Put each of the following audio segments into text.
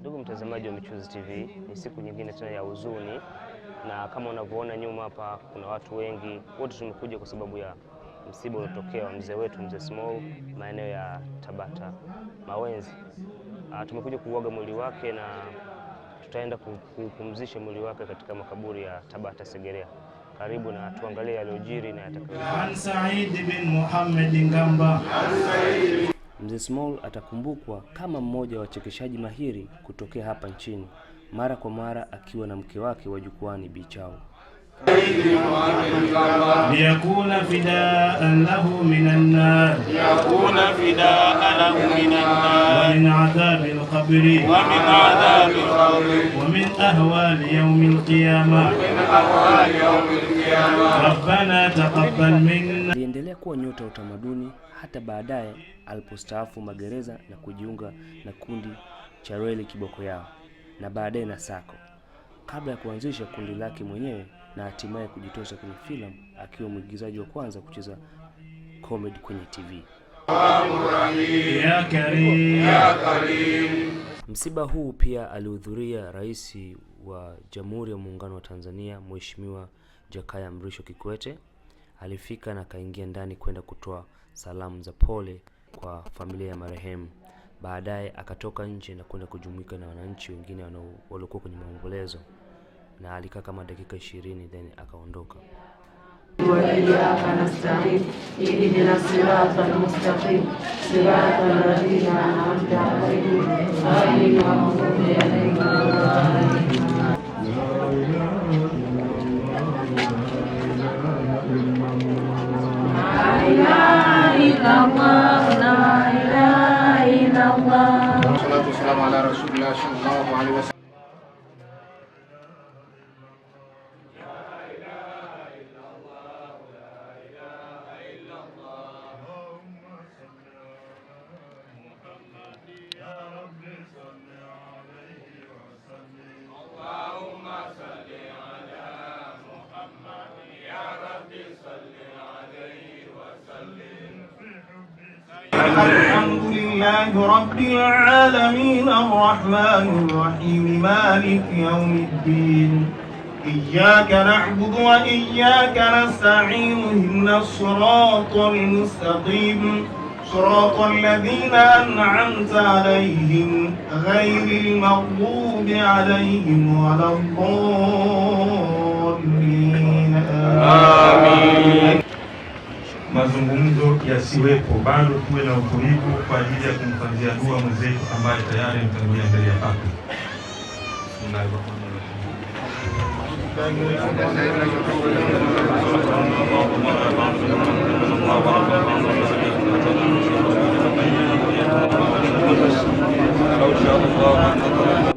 Ndugu mtazamaji wa Michuzi TV, ni siku nyingine tena ya huzuni, na kama unavyoona nyuma hapa kuna watu wengi. Wote tumekuja kwa sababu ya msiba uliotokea wa mzee wetu mzee Small maeneo ya Tabata Mawenzi. Uh, tumekuja kuuaga mwili wake na tutaenda kuupumzisha mwili wake katika makaburi ya Tabata Segerea. Karibu na tuangalie yaliyojiri na yatakayo. Said bin Muhammad Ngamba. Mzee Small atakumbukwa kama mmoja wa wachekeshaji mahiri kutokea hapa nchini, mara kwa mara akiwa na mke wake wa jukwani Bichao. ليكون فداء له من النار ليكون فداء له من النار ومن عذاب القبر ومن عذاب القبر ومن أهوال يوم القيامة ومن أهوال يوم القيامة ربنا تقبل منا aliendelea kuwa nyota ya utamaduni hata baadaye alipostaafu magereza na kujiunga na kundi cha Royal Kiboko Yao na baadaye na Sako kabla ya kuanzisha kundi lake mwenyewe na hatimaye kujitosa kwenye filamu akiwa mwigizaji wa kwanza kucheza comedy kwenye TV. Msiba huu pia alihudhuria Rais wa Jamhuri ya Muungano wa Tanzania Mheshimiwa Jakaya Mrisho Kikwete. Alifika na akaingia ndani kwenda kutoa salamu za pole kwa familia ya marehemu. Baadaye akatoka nje na kwenda kujumuika na wananchi wengine waliokuwa kwenye maombolezo. na alikaa kama dakika 20 then akaondoka. Assalamualaikum warahmatullahi wabarakatuh. الحمد لله رب العالمين الرحمن الرحيم مالك يوم الدين إياك نعبد وإياك نستعين إن الصراط المستقيم صراط الذين أنعمت عليهم غير المغضوب عليهم ولا الضالين mazungumzo yasiwepo, bado tuwe na utulivu kwa ajili ya kumfanyia dua mwenzetu ambaye tayari ametangulia mbele ya Papa.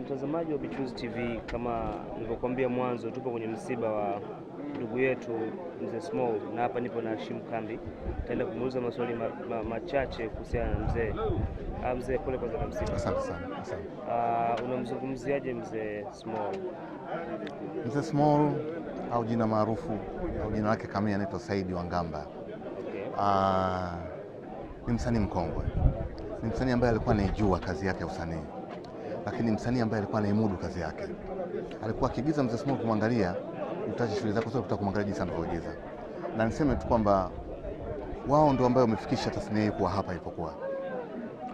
Mtazamaji wa Bichuzi TV, kama nilivyokuambia mwanzo, tupo kwenye msiba wa ndugu yetu mzee Small, na hapa nipo na Hashim Kambi. Taenda kumuuliza maswali ma, ma, machache kuhusiana na mzee ah, mzee Pole Kwanza kabisa, asante sana, asante. Ah, unamzungumziaje mzee Small? Mzee Small au jina maarufu au jina lake kamili anaitwa Saidi Wangamba. Okay. Aa, ah, ni msanii mkongwe, ni msanii ambaye alikuwa anaijua kazi yake ya usanii, lakini msanii ambaye alikuwa anaimudu kazi yake. Alikuwa akiigiza mzee Small kumwangalia utache shule zako sote tutakuangalia sana Na niseme tu kwamba wao ndio ambao wamefikisha tasnia hii kuwa hapa ilipokuwa,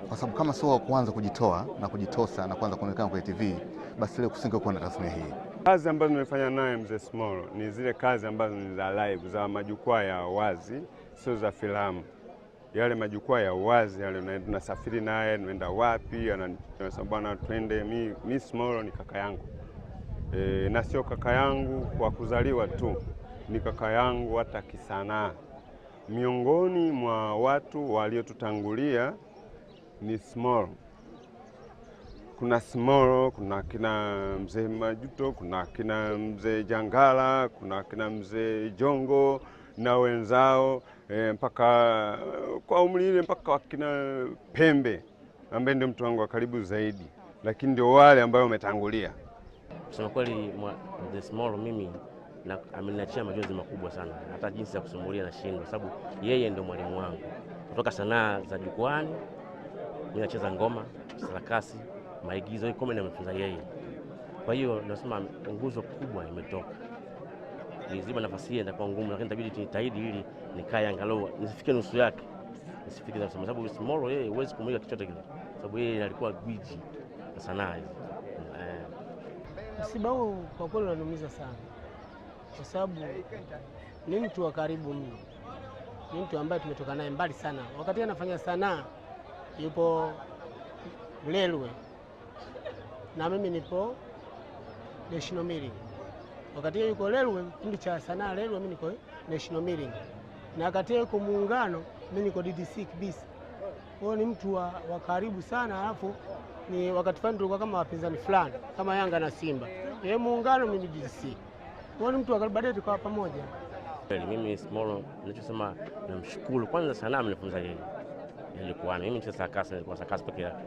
kwa sababu kama sio kuanza kujitoa na kujitosa na kuanza kuonekana kwenye TV, basi leo kusingekuwa na tasnia hii. Kazi ambazo nimefanya naye mzee Small ni zile kazi ambazo ni za live, za majukwaa ya wazi, sio za filamu yale majukwaa ya wazi yale, tunasafiri naye, tunaenda wapi, anasema bwana, twende. Mi, mi Small ni kaka yangu e, na sio kaka yangu kwa kuzaliwa tu, ni kaka yangu hata kisanaa. Miongoni mwa watu waliotutangulia ni Small. Kuna Small, kuna kina mzee Majuto, kuna kina mzee Jangala, kuna kina mzee Jongo na wenzao e, mpaka kwa umri ile mpaka wakina Pembe ambaye ndio mtu wangu wa karibu zaidi, lakini ndio wale ambao umetangulia. Kusema kweli, the small mimi na ameniachia majonzi makubwa sana, hata jinsi ya kusimulia na shindo, sababu yeye ndio mwalimu wangu kutoka sanaa za jukwani. Mimi nacheza ngoma, sarakasi, maigizo, hiyo nimefunza yeye. Kwa hiyo nasema nguzo kubwa imetoka nizima nafasi hii itakuwa ngumu, lakini itabidi tujitahidi ili nikae angalau nisifike nusu yake, nisifike sababu Smolo yeye huwezi kumuiga kichote kile, sababu yeye alikuwa gwiji na sanaa hizi Msiba huu kwa kweli unaniumiza sana, kwa sababu ni mtu wa karibu mno, ni mtu ambaye tumetoka naye mbali sana. Wakati anafanya sanaa yupo Mlelwe na mimi nipo National Milling, wakati yuko Lelwe kipindi cha sanaa Lelwe, mimi niko National Milling, na wakati yuko Muungano, mimi niko DDC kabisa. Kwa hiyo ni mtu wa karibu sana, alafu ni wakati fulani tulikuwa kama wapinzani fulani kama Yanga na Simba, yeye muungano, mimi DC ni mtu wa baadaye tukawa pamoja. Mimi Small, ninachosema namshukuru kwanza, sanaa amenifunza yeye jukwani. Mimi mcheza sakasa, nilikuwa sakasa peke yake,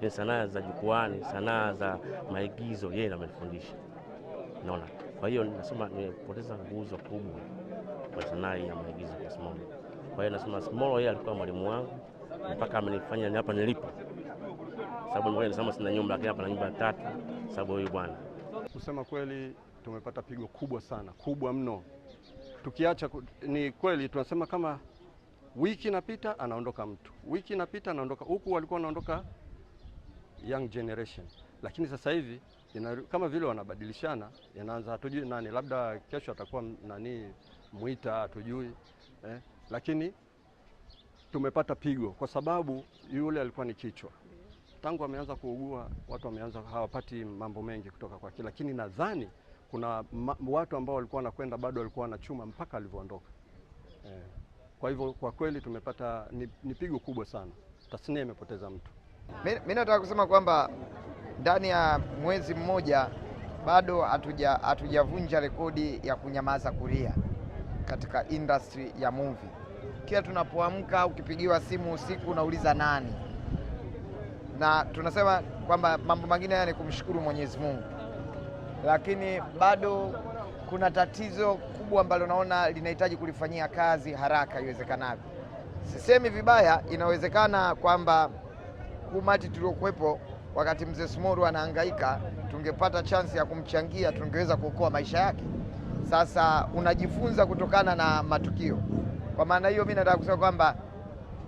ni sanaa za jukwani, sanaa za maigizo, yeye amenifundisha, naona. Kwa hiyo nasema nimepoteza nguzo kubwa kwa sanaa ya maigizo kwa Small. Kwa hiyo nasema Small, yeye alikuwa mwalimu wangu mpaka amenifanya hapa nilipo sababu nyumbani nasema sina nyumba, lakini hapa na nyumba tatu sababu huyu bwana. Kusema kweli tumepata pigo kubwa sana, kubwa mno. Tukiacha ni kweli tunasema kama wiki inapita anaondoka mtu, wiki inapita anaondoka. Huku walikuwa wanaondoka young generation, lakini sasa hivi ina, kama vile wanabadilishana, inaanza hatujui nani, labda kesho atakuwa nani Mwita, hatujui eh, lakini tumepata pigo kwa sababu yule alikuwa ni kichwa tangu wameanza kuugua watu wameanza hawapati mambo mengi kutoka kwake, lakini nadhani kuna watu ambao walikuwa wanakwenda bado walikuwa wanachuma mpaka alivyoondoka eh. Kwa hivyo kwa kweli tumepata ni, ni pigo kubwa sana, tasnia imepoteza mtu. Mimi nataka kusema kwamba ndani ya mwezi mmoja bado hatujavunja rekodi ya kunyamaza kulia katika industry ya movie. Kila tunapoamka ukipigiwa simu usiku unauliza nani na tunasema kwamba mambo mengine haya ni kumshukuru Mwenyezi Mungu, lakini bado kuna tatizo kubwa ambalo naona linahitaji kulifanyia kazi haraka iwezekanavyo. Sisemi vibaya, inawezekana kwamba umati tuliokuwepo wakati mzee Smoru anahangaika, tungepata chansi ya kumchangia, tungeweza kuokoa maisha yake. Sasa unajifunza kutokana na matukio. Kwa maana hiyo, mimi nataka kusema kwamba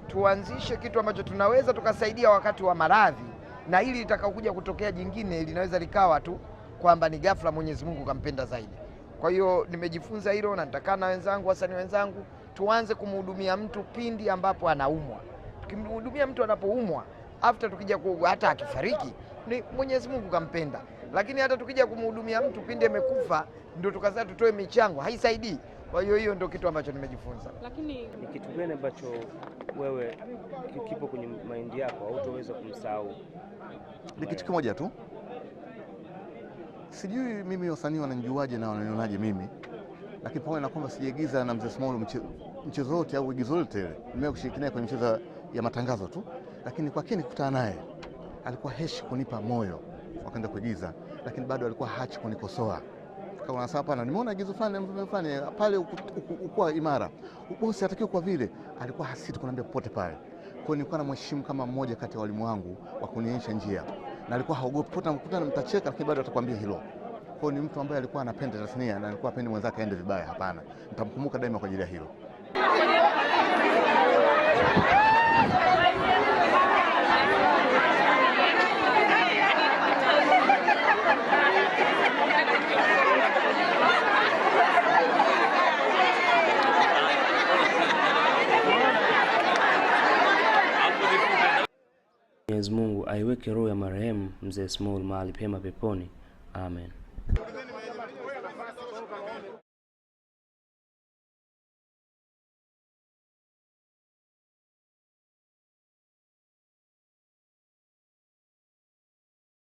tuanzishe kitu ambacho tunaweza tukasaidia wakati wa maradhi, na hili litakaokuja kutokea jingine linaweza likawa tu kwamba ni ghafla Mwenyezi Mungu kampenda zaidi. Kwa hiyo nimejifunza hilo, na nitakaa na wenzangu, wasanii wenzangu, tuanze kumhudumia mtu pindi ambapo anaumwa. Tukimhudumia mtu anapoumwa, after tukija ku, hata akifariki ni Mwenyezi Mungu kampenda, lakini hata tukija kumhudumia mtu pindi amekufa, ndio tukaza tutoe michango, haisaidii. Kwa hiyo hiyo ndio kitu ambacho nimejifunza. Lakini ni kitu gani ambacho wewe kipo kwenye maindi yako hautoweza kumsahau? Ni kitu kimoja tu, sijui mimi wasanii wananijuaje na wananionaje mimi, lakini pamoja na kwamba sijaigiza na Mzee Small mchezo wote au igizo lote ile, nimewahi kushiriki naye kwenye mchezo ya matangazo tu, lakini kwa kini naye alikuwa heshi kunipa moyo wakaenda kuigiza, lakini bado alikuwa hachi kunikosoa kaunasa hapana, nimeona agizo fulani fulani pale ukuwa imara, bosi atakiwa kwa vile alikuwa hasiti kuniambia popote pale. Kwa hiyo nilikuwa namheshimu kama mmoja kati ya walimu wangu wa kunionyesha njia, na alikuwa haogopi popote, anakutana, mtacheka, lakini bado atakwambia hilo. Kwa hiyo ni mtu ambaye alikuwa anapenda tasnia na alikuwa apendi mwenzake aende vibaya, hapana. Nitamkumbuka daima kwa ajili ya hilo. Mwenyezi Mungu aiweke roho ya marehemu Mzee Small mahali pema peponi. Amen.